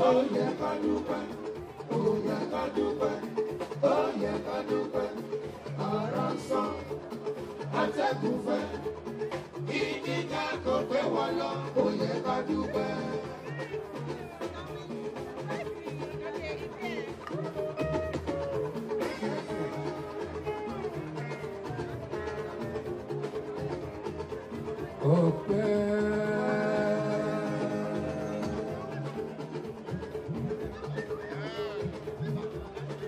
Oh yeah, ká dúpẹ́ ó yẹ ká dúpẹ́ ó yẹ ká dúpẹ́ ara ń sàn atẹ́kùn fẹ́ ìdíjà kò gbé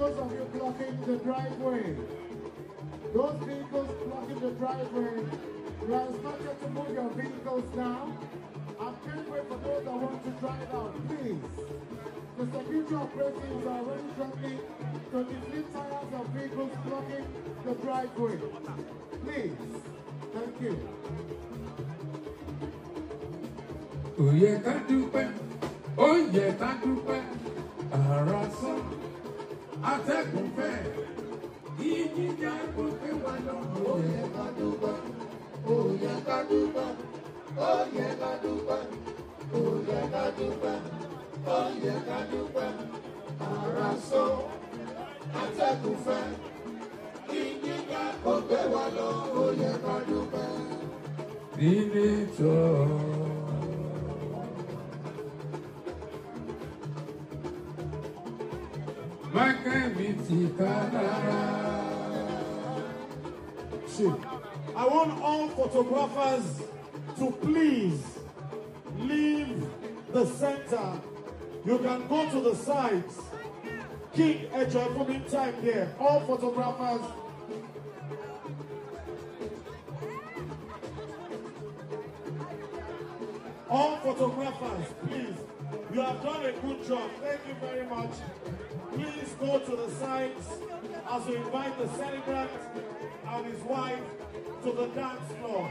of you blocking the driveway. Those vehicles blocking the driveway, you are instructed to move your vehicles now. And pathway for those that want to drive out, please. The security operatives are already shortly to deflate tires of vehicles blocking the driveway. Please. Thank you. Oye ká dúpẹ́, oye ká dúpẹ́. ó yẹ ká dúpẹ́ ó yẹ ká dúpẹ́ ó yẹ ká dúpẹ́ ara sọ atẹ́kùn fẹ́ kíni ká kó gbé wa lọ ó yẹ ká I want all photographers to please leave the center. You can go to the sides. Keep a joyful time there. All photographers All photographers, please, you have done a good job. Thank you very much. Please go to the sides as we invite the celebrant and his wife to the dance floor.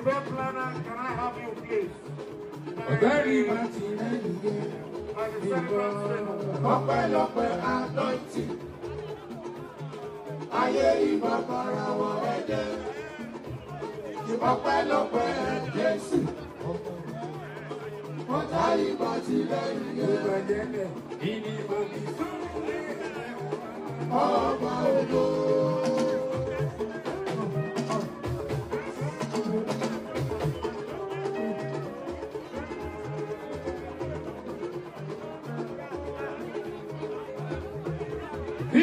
can I have you, please? Ọ̀gbẹ́rì Màtí lẹ́yìn ìbọn ọpẹ́lọpẹ́ àdọ́ìtì. Ayé ìbọn bọ̀ra wọ ẹ̀jẹ̀. Ìbọn pẹ́lọpẹ́ Jésù. Wọ́n ta ìbọn ti lẹ́yìn ìbọn jẹ́lẹ̀. Ìní ìbọn kì í sọ́ọ́. Ọba olóò.